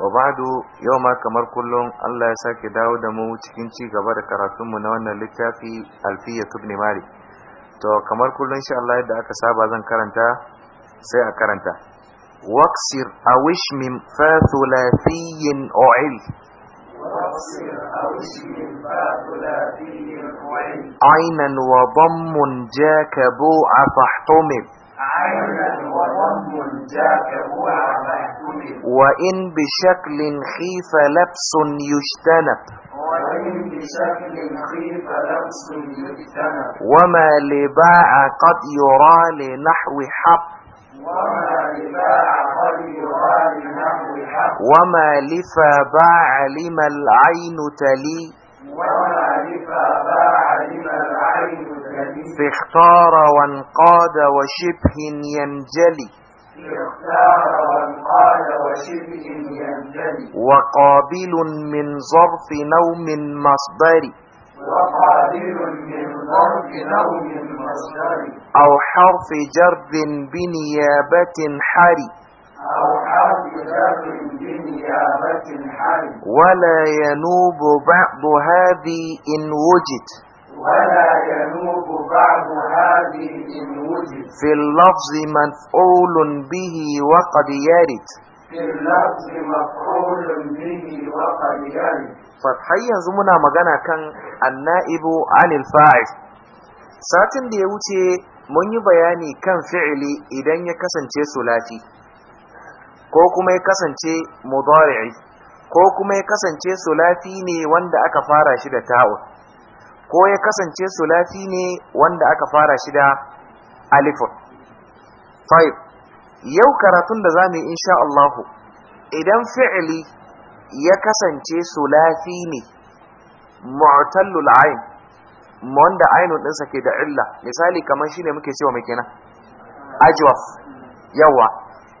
wa ba'du yau ma kamar kullum Allah ya sake dawo da mu cikin ci gaba da karatunmu na wannan littafi alfiya tubni mari to kamar kullum insha Allah yadda aka saba zan karanta sai a karanta waqsir awish min fa thulathiyin u'il عينا وضم جاك بوع فاحتمل عينا وضم جاك بوع فاحتمل وإن بشكل خيف لبس يجتنب وإن بشكل خيف لبس يجتنب وما لباع قد يرى لنحو حب وما لباع قد يرى لنحو حب وما لفا باع لما العين تلي وما لفا باع لما العين تلي فاختار وانقاد وشبه ينجلي وقابل من ظرف نوم مصدري وقابل من ظرف نوم مصدري أو حرف جر بنيابة حري أو حرف جر بنيابة حري ولا ينوب بعض هذه إن وجد ولا ينوب بعد هذه إن وجد في اللفظ مفعول به وقد يرد في اللفظ مفعول به yanzu muna magana kan annaibu anil fa'il satin da ya wuce mun yi bayani kan fi'ili idan ya kasance sulati ko kuma ya kasance mudari'i ko kuma ya kasance sulati ne wanda aka fara shi da ta'un ko ya kasance sulafi ne wanda aka fara shi da alifun taib yau karatun da za mu yi insha Allahu, idan fi'ili ya kasance sulafi ne mu'tallul ayin, wanda ainihin ɗinsa ke da illa misali kamar shi ne muke cewa mai kina, ajwaf yawa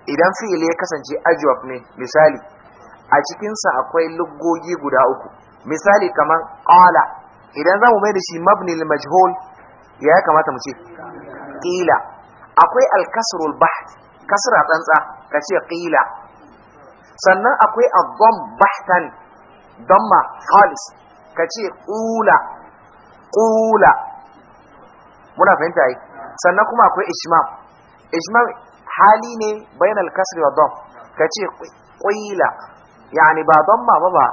idan fi'ili ya kasance ajwaf ne misali a cikinsa akwai luggogi guda uku misali kamar ƙala. idan za mu mai da shi mabni majhul ya kamata mu ce Ƙila. akwai al kasrul kasra tsantsa ka ce ƙila sannan akwai ad bahtan damma khalis ka ce ƙula. Ƙula, muna fahimta yi sannan kuma akwai ishmam ishmam hali ne bayan kasri wa don? ka ce ƙwila. yani ba don ma ba ba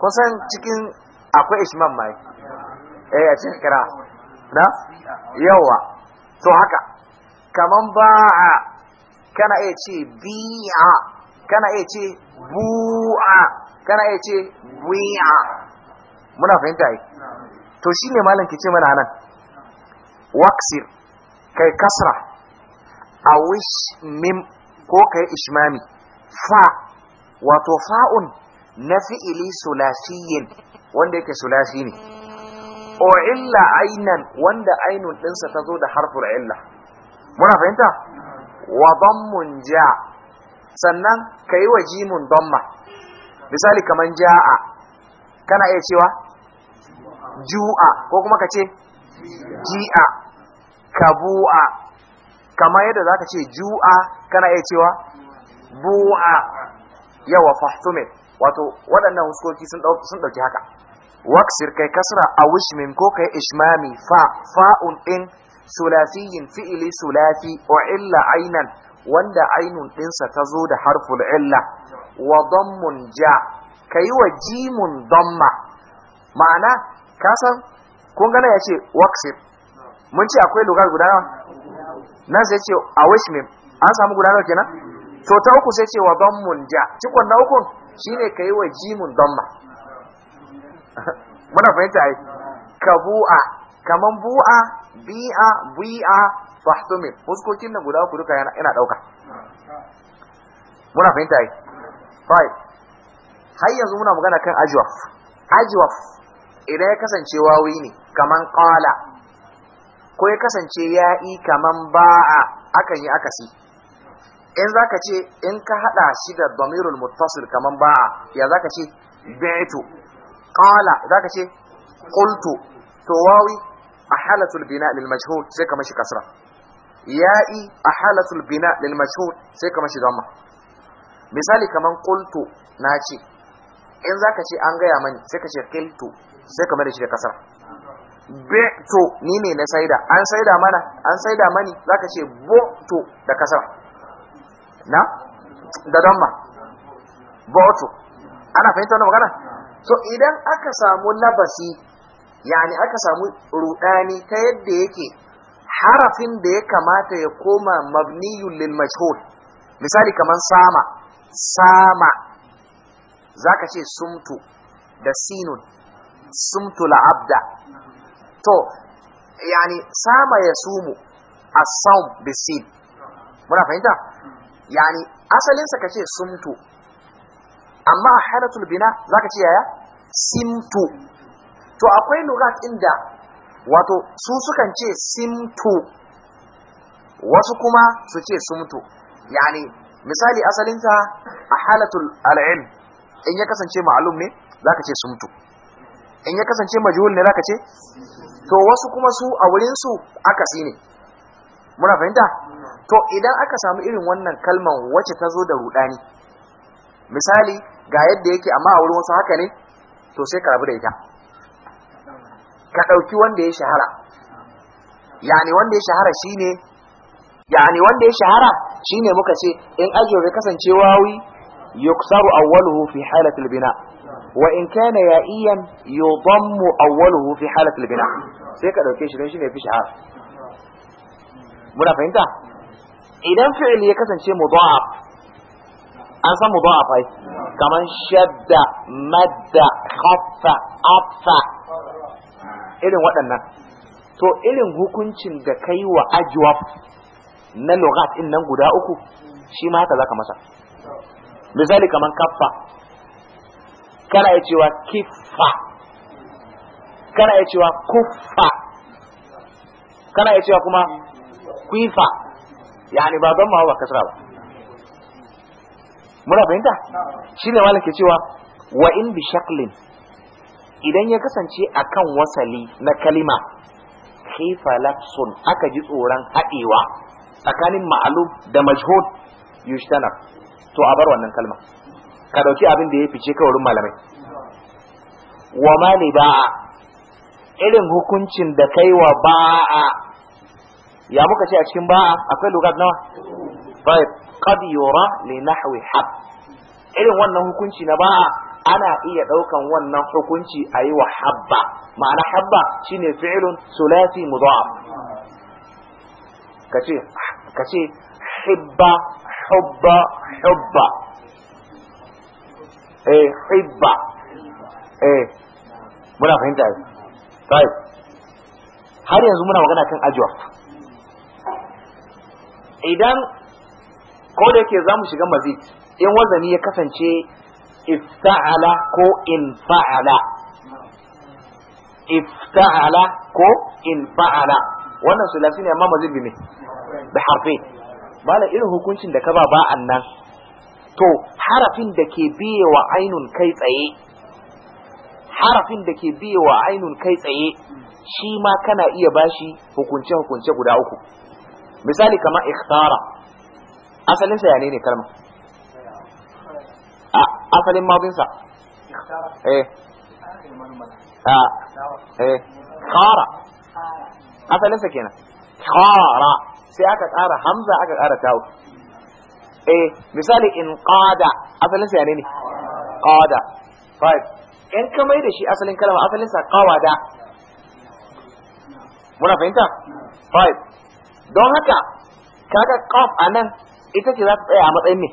kusan cikin akwai ishman mai eh a cikin kira na yawa to haka kaman ba'a kana iya ce bi'a kana iya ce bu'a kana iya ce wi'a muna fahimta yi to shine malam ke ce mana nan waksir kai kasra a wish mim ko kai ishmami fa wato fa'un na fi'ili sulasiyin wanda yake sulasi ne o illa ainan wanda ainun dinsa ta zo da harfur illa muna fahimta wa dammun ja sannan ka wa jimun damma misali kaman ja'a kana iya cewa ju'a ko kuma ka ce ji'a kabu'a kamar yadda za ka ce ju'a kana iya cewa bu'a yawa fahtumit wato waɗannan huskoki sun ɗauki haka waksir kai kasra a wishmin ko kai ishmami fa fa'un ɗin sulafiyin fi'ili sulafi o illa ainan wanda ainun ɗinsa ta zo da harful illa wa dammun ja Ka yi wa jimun damma ma'ana kasan kun gana ya ce waksir mun ce akwai lugar guda nawa nan sai ce a wishmin an samu guda nawa kenan to ta uku sai ce wa dammun ja cikon na ukun shine ka yi wa jimun damma muna fahimta yi ka bu'a kaman bu'a bi'a bu'a fahtumil fuskokin nan guda ku duka yana dauka muna fahimta yi five har yanzu muna magana kan ajiwaf? Ajiwaf. idan ya kasance wawi ne kaman qala ko ya kasance ya'i kaman ba'a akan yi akasi in zaka ce in ka hada shi da damirul muttasil kaman ba'a ya zaka ce ƙala qala zaka ce qultu to wawi ahalatul bina lil majhul sai ka mashi kasra ya'i ahalatul bina lil majhul sai ka mashi damma misali kaman qultu nace in zaka ce an gaya mani sai ka ce qiltu sai ka mashi da kasra bi'tu ni ne na saida an saida mana an saida mani zaka ce bu'tu da kasra na da damma boto ana fahimta wannan magana so idan aka samu labasi yani aka samu rudani ta yadda yake harafin da ya kamata ya koma mabniyun lil misali kamar sama sama zaka ce sumtu da sinun sumtu la'abda to yani sama ya sumu as-sawm bisin muna fahimta yani asalinsa ka ce sumtu amma halatul bina za ka ce yaya simtu to akwai lugat inda wato su sukan ce simtu wasu kuma su ce sumtu yani misali asalinta a halatul al'ilm in ya kasance ma'alum ne za ka ce sumtu in ya kasance majhul ne za ka ce to wasu kuma su a wurinsu akasi ne muna fahimta to idan aka samu irin wannan kalman wacce ta zo da rudani misali ga yadda yake amma a wurin wasu haka ne to sai ka rabu da ita ka ɗauki wanda ya shahara yani wanda ya shahara shine yani wanda ya shahara shine muka ce in ajiyo bai kasance wawi yuksaru awwaluhu fi halatil bina wa in kana ya'iyan yudammu awwaluhu fi halatil bina sai ka dauke shi don shine fi shahara muna fahimta idan fi'il ya kasance mudha'af an san mudha'af ai kaman shadda madda khaffa afa, irin waɗannan to irin hukuncin da kai wa ajwab na lughat din nan guda uku shi ma haka zaka masa misali kaman kaffa kana iya cewa kiffa kana iya cewa kuffa kana iya cewa kuma kwifa yani ba ban ma ba kasra ba muna fahimta shine ne cewa wa in bi shaklin idan ya kasance akan wasali na kalima kaifa lafsun aka ji tsoron haɗewa tsakanin ma'alum da majhud yushtana to a bar wannan kalma ka dauki abin da ya fice ka wurin malamai wa mali ba irin hukuncin da kaiwa wa ba'a ya muka ce a cikin ba'a akwai lugat nawa tayyib qad yura li nahwi haq irin wannan hukunci na ba'a ana iya daukan wannan hukunci a yi wa habba ma'ana habba shine fi'lun sulasi mudha'af kace kace hibba hubba hubba eh hibba eh muna fahimta tayyib har yanzu muna magana kan ajwa idan ko da yake za mu shiga mazid in wazani ya kasance ifta'ala ko in fa'ala ifta'ala ko in fa'ala wannan sulasi ne amma mazid ne da harfi mala irin hukuncin da ka ba ba annan to harafin da ke biye wa ainun kai tsaye harafin da ke biye wa ainun kai tsaye shi ma kana iya bashi hukunce hukunce guda uku مثالي كما اختار اصل انت يعني ايه الكلمه اصل الماضي صح اختار ايه اه ايه خارا اصل انت كده خارا سياك اقرا همزه اقرا تاو ايه مثالي انقاد اصل انت يعني ايه قاد طيب ان كما يدي شيء اصل الكلمه اصل انت قواد مرة فهمتها؟ طيب don haka kaga qaf anan ita ce za ta tsaya a matsayin ne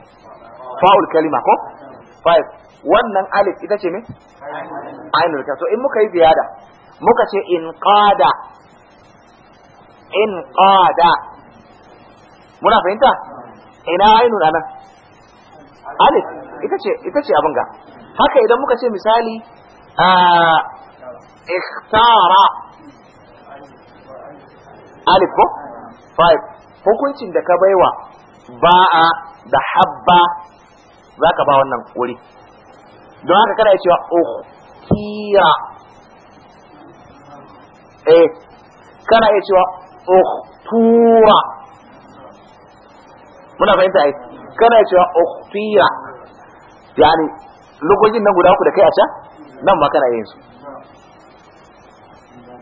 fa'ul kalima ko five wannan alif ita ce me ainul ka so in muka yi ziyada muka ce in qada in qada muna fahimta ina ainul anan alif ita ce ita ce abin ga haka idan muka ce misali ikhtara alif ko hukuncin da ka baiwa ba'a da habba za ka ba wannan wuri don haka kada ya cewa ukhtiya eh kana iya cewa ukhtura muna fahimta ai kana iya cewa oh ukhtiya yani lokacin nan guda uku da kai a can nan ma kana yin su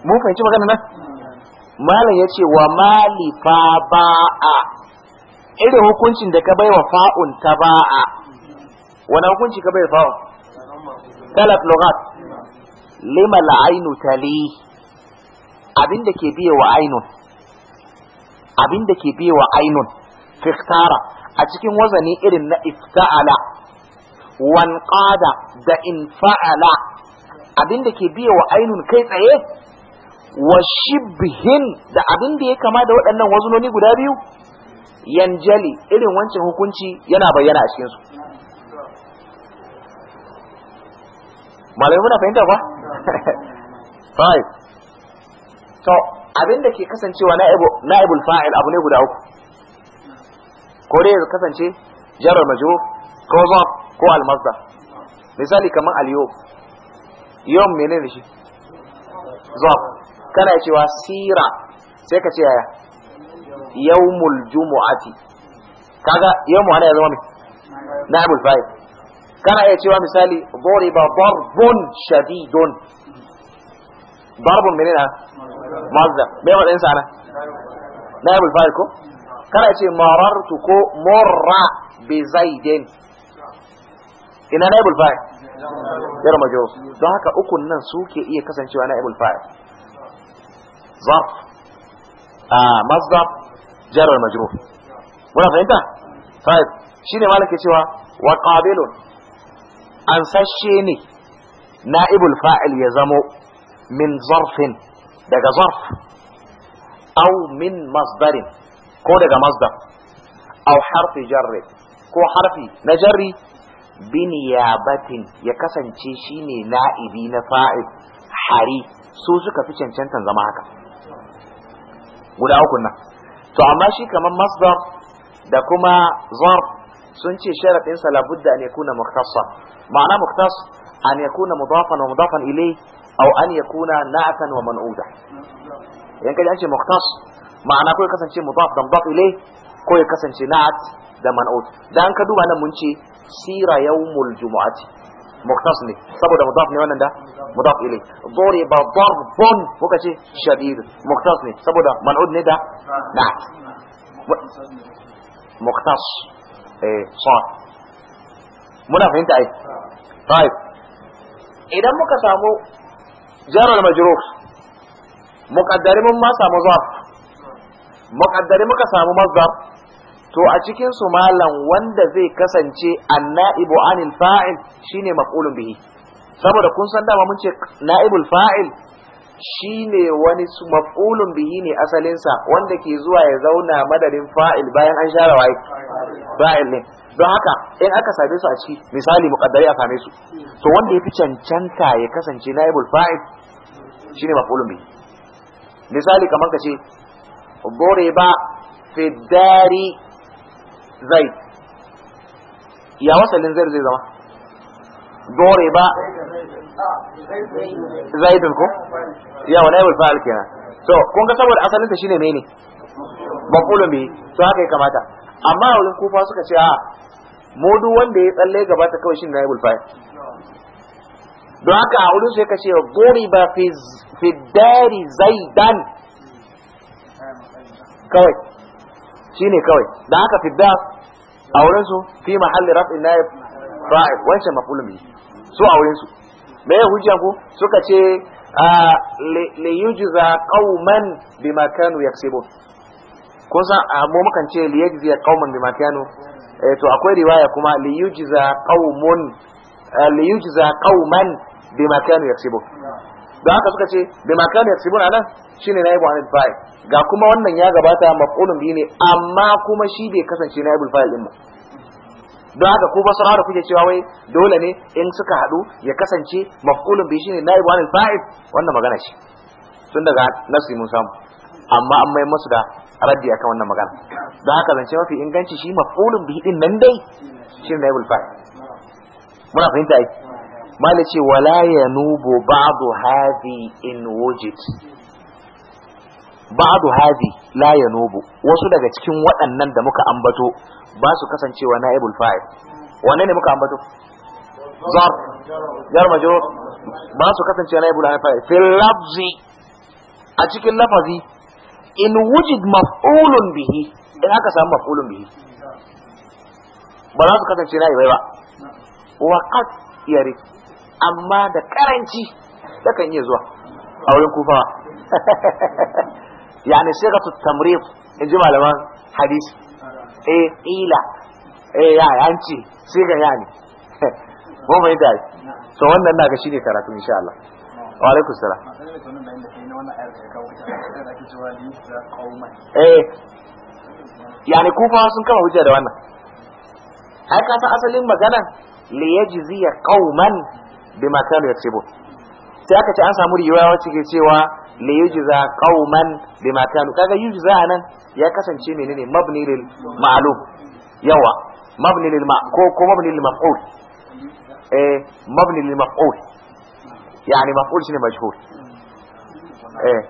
mun fahimci magana nan malam ya ce wa mali fa ba'a irin hukuncin da ka bai wa fa'un ta ba'a wani hukunci ka bai wa fa'un talaf lughat lima la'ainu tali abin da ke biye wa ainun abin da ke biye wa ainun fiktara a cikin wazani irin na ifta'ala wanqada da in abin da ke biye wa ainun kai tsaye wa shibhin da abin da ya kama da waɗannan wazunoni guda biyu yanjali irin wancan hukunci yana bayyana a cikinsu malamai muna fahimta ba? five to abin da ke kasancewa na'ibul fa'il abu ne guda uku ko dai ya kasance jarar majo ko zab ko almazda misali kamar al yom mene menene shi zab kana cewa sira sai ka ce yaya yawmul jumu'ati kaga yawmu ana ya zama mai na'ibul fa'il kana iya cewa misali duriba darbun shadidun darbun menene mazdar bai wa dan sana na'ibul fa'il ko kana ce marartu ko morra bi zaidin ina na'ibul fa'il yar majo don haka ukun nan suke iya kasancewa na'ibul fa'il zarf a ah, mazdar jarar majrur muna fahimta fa'id shine malam ke cewa wa qabilun an sashe ne na'ibul fa'il ya zamo min zarfin daga zarf au min masdarin ko daga masdar aw harfi jarri ko harfi na jarri Biniya batin ya kasance shine na'ibi na fa'il hari su suka fi cancantan zama haka guda uku nan to amma shi kamar masdar da kuma zar sun ce sharadin sa labudda an yakuna mukhtassa ma'ana mukhtass an yakuna mudafan wa mudafan ilay aw an yakuna na'atan wa man'uda idan kaji an ce mukhtass ma'ana ko ya kasance mudaf da mudaf ilay ko ya kasance na'at da man'ud dan ka duba nan mun ce sira yawmul jumu'ati muktas ne saboda mudaf ne wannan da mudaf ilai duriba darbun kuka ce shadid muktas ne saboda mal'ud ne da da muktas eh sa muna fahimta ai طيب idan muka samu jarar majrur muqaddari mun ma samu zaf. muqaddari muka samu mazdar to a cikin su malam wanda zai kasance annaibu anil fa'il shine maqulun bihi saboda kun san dama mun ce naibul fa'il shine wani maqulun bihi ne asalinsa wanda ke zuwa ya zauna madadin fa'il bayan an share waye fa'il ne don haka in aka same su a ciki misali muqaddari a same su to wanda ya fi cancanta ya kasance naibul fa'il shine maqulun bihi misali kamar ka ce ba fi dari zai ya wasalin zai zai zama dore ba Zai ko ya wani aibul fa'al kenan to kun ga saboda asalin ta shine mene maqulun bi to haka ya kamata amma wurin kufa suka ce a mu duk wanda ya tsalle gaba ta kawai shine naibul fa'il don haka a wurin sai ka ce duriba ba fi dari zaidan kawai shine kawai dan haka fi da auren su fi mahalli raf'in naib fa'il wancan maf'ulun bihi su auren su me ya hujja ko suka ce li yujza qauman bima kanu yaksibun ko sa amma mukan ce li yujza qauman bima kanu eh to akwai riwaya kuma li yujza qaumun eh, li yujza qauman bima kanu yaksibun da haka suka ce bai makani kana yaksibun anan shine nayi bu anil fayil ga kuma wannan ya gabata maqulun biyu ne amma kuma shi bai kasance nayi bul fa'il din ba don haka ko fasara da kuke cewa wai dole ne in suka hadu ya kasance biyu shi ne na yi anil fayil wannan magana ce tun daga nasi mun samu amma an mai musu da raddi akan wannan magana don haka zance mafi inganci shi maqulun biyu din nan dai shi ne bul fayil muna fahimta ai mali ce wala ya nubo ba'du hadi in wujid ba'du hadi la ya nubo wasu daga cikin waɗannan da muka ambato ba su kasancewa na'ibul fa'il wanne ne muka ambato zar jar majo ba su kasancewa na'ibul fa'il fil lafzi a cikin lafazi in wujid maf'ulun bihi in aka samu maf'ulun bihi ba za su kasance na'ibai ba wa qad yarid amma da karanci kan iya zuwa a wurin ne shiga su tamrid in ji malaman hadisi eh ila eh ya yanci ya ne ko mai dai to wannan na ga shine karatu insha Allah wa alaikum salam eh yani kufa sun kama hujja da wannan ai ka san asalin magana li yajziya qauman bima kanu yaksubun sai aka ce an samu riwaya wacce ke cewa li yujza qauman bima kanu kaga yujza nan ya kasance menene mabni lil ma'lum yawa mabni lil ma'ko ko mabni lil maf'ul eh mabni lil maf'ul yani maf'ul shine majhul eh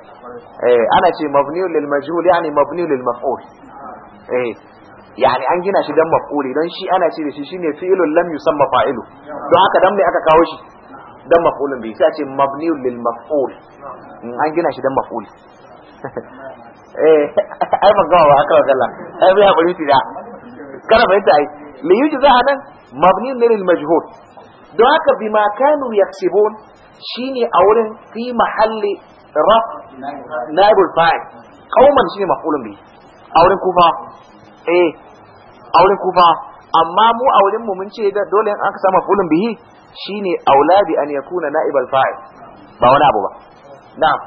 eh ana ce mabni lil majhul yani mabni lil maf'ul eh yani an gina shi dan maf'uli don shi ana ce da shi shine fi'ilun lam yusamma fa'ilu don haka dan me aka kawo shi dan maf'ulun bai sai ce mabniul lil maf'ul an gina shi dan maf'ul eh ai magawa ba aka wakalla ai bai hakuri tida kana fahimta ai me yuji za nan mabni ne lil majhul don haka ma kanu yaksibun shine a wurin fi mahalli raf naibul fa'il kauman shine maf'ulun bai a wurin kufa eh a wurin kufa amma mu a wurin mu mun ce dole an aka samu maf'ulun bihi Shi ne bi an yakuna na'ib al ba wani abu ba na'am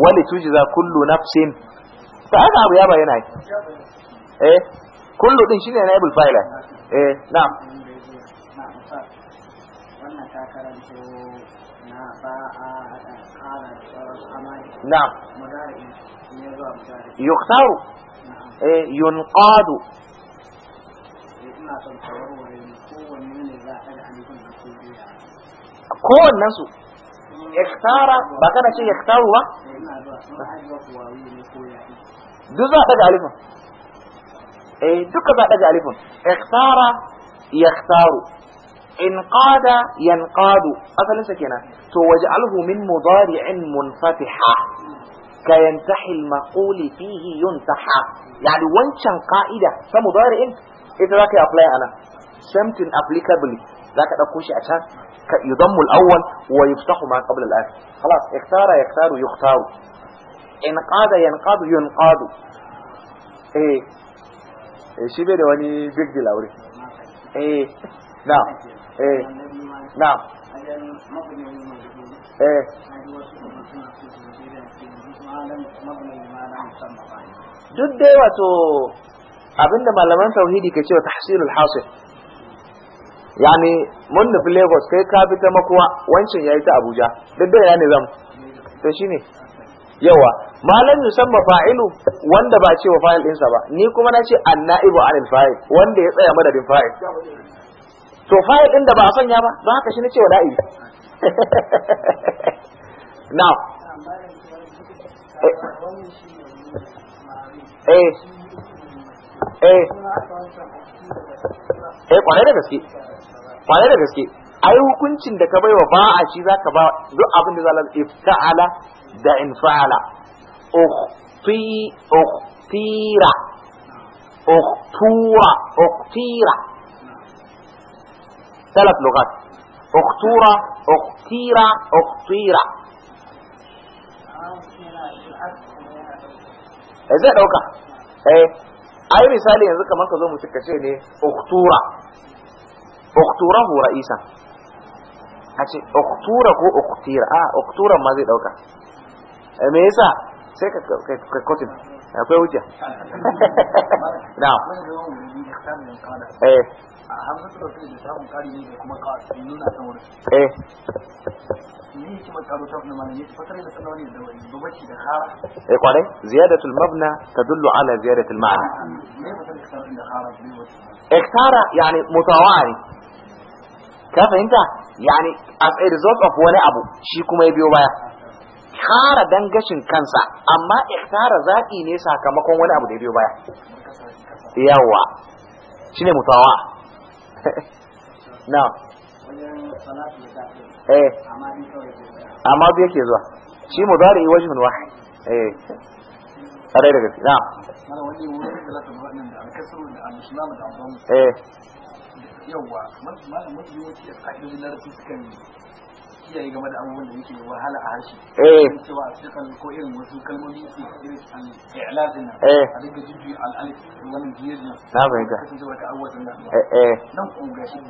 wani tujza kullu nafsin ta haka abu ya bayyana eh kullu din shine na'ib al-fa'il eh na ba na'am yuktaru إيه، ينقاد كون نسو اختار بكنا شيء يختار هو دوزا تجا عليهم اي دوكا تجا اختار يختار انقاد ينقاد اصلا سكينه تو وجعله من مضارع منفتحه كينتحي المقول فيه ينتحى يعني وانشان قائدة سمضارع إذا راكي أبلاي أنا something applicable ذاك أكوشي أشان يضم الأول ويفتح ما قبل الآخر خلاص اختار يختار يختار انقاد ينقاد ينقاد ايه shi bai da wani big deal a wuri eh na eh na eh duk dai wato abinda malaman tauhidi ke cewa tahsilul hasil yani mun nufi lagos kai ka bi ta makuwa wancan yayi ta abuja duk dai ne zam to shine yawa malan yusamma fa'ilu wanda ba cewa fa'il ɗinsa ba ni kuma na ce annaibu anil fa'il wanda ya tsaya madadin fa'il to fa'il ɗin da ba a sanya ba don haka shi na ce da'i eh eh eh kwarai eh, da gaske kwarai da gaske ai hukuncin da ka baiwa ba'a shi za ka ba duk abin da zalal ifka'ala da infa'ala ukhti ukhtira ukhtura ukhtira ثلاث لغات اختورة Uktira. eh zai dauka eh ai misali yanzu kamar ka zo mu cika ce ne uktura uktura hu ra'isa a ce uktura ko uktira a ah, uktura ma zai dauka eh, me yasa sai ka ka kotin akwai wuce na eh eh kwarai ziyadatul mabna tadullu ala ziyadatul ma'na iktara yani mutawari ka fahimta yani as a result of wani abu shi kuma ya biyo baya kara dangashin kansa amma iktara zaɓi ne sakamakon wani abu da ya biyo baya yawa shine mutawa na eh amma biyu yake zuwa shi mudari eh kare da gaske na'am eh yawa kiyaye game da abubuwan da yake wahala a harshe eh cewa a cikin ko irin wasu kalmomi ke irin al-i'lazin eh a duka al-alif wannan na bai ga cikin abubuwan nan eh, eh. nan ga shi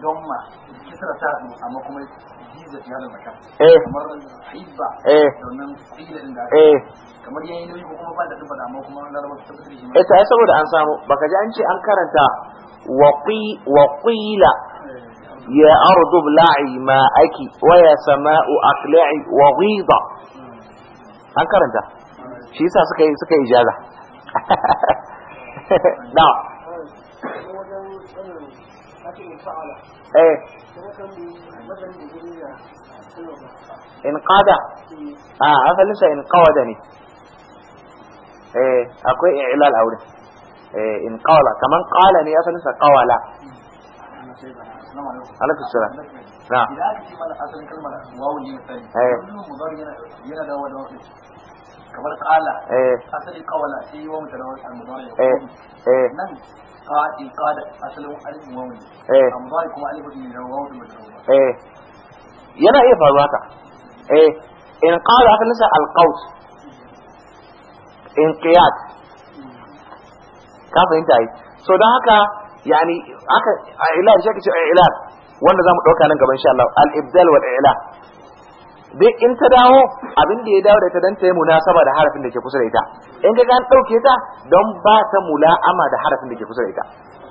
ta amma kuma jiza ta eh kamar eh da eh kamar yayin ko kuma ba da amma kuma ta eh, saboda an samu baka ji an ce an karanta waqi waqila يا أرض ابلعي ماءك ويا سماء أقلعي وغيضا أنكر أنت شيء سكي سكي إجازة نعم ايه انقاد اه افلسه انقاد ne eh akwai i'lal aure eh inqala kaman qala ne افلسه قوالا alaikum salam na idan mana asalin kalmar wawu ne misali kullum eh. yana yana da kamar qala eh. asalin qawla sai wawu eh. nan qadi asalin wawu ne kuma ne da wawu da yana iya faruwa ka eh in qala aka nasa alqaus in qiyad ka fahimta ai so don haka yani aka a ila shi kace ila wanda zamu dauka nan gaban insha Allah al ibdal wal ila Duk in ta dawo abin da ya dawo da ita dan ta yi munasaba da harafin da ke kusa da ita in ga an dauke ta don ba ta mula'ama da harafin da ke kusa da ita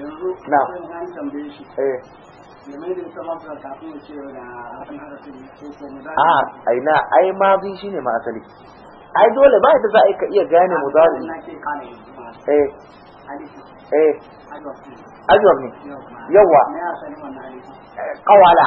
yanzu na tambaye shi eh a aina ah, ai ma bi shine ma asali ai dole ba yadda za a ka iya gane mudari eh eh ajwab ne yawa qawala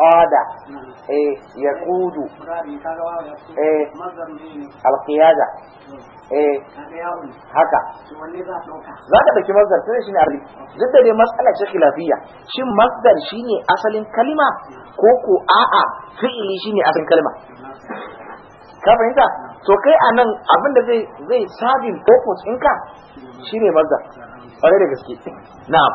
qada eh yaqudu eh alqiyada eh haka za ka ɗauki masdar tun shi ne arli duk da dai matsala ce khilafiyya shin masdar shine asalin kalima ko ko a'a fi'ili shine asalin kalima ka fahimta to kai a nan abin da zai zai sabin purpose ɗinka shine masdar ƙwarai da gaske na'am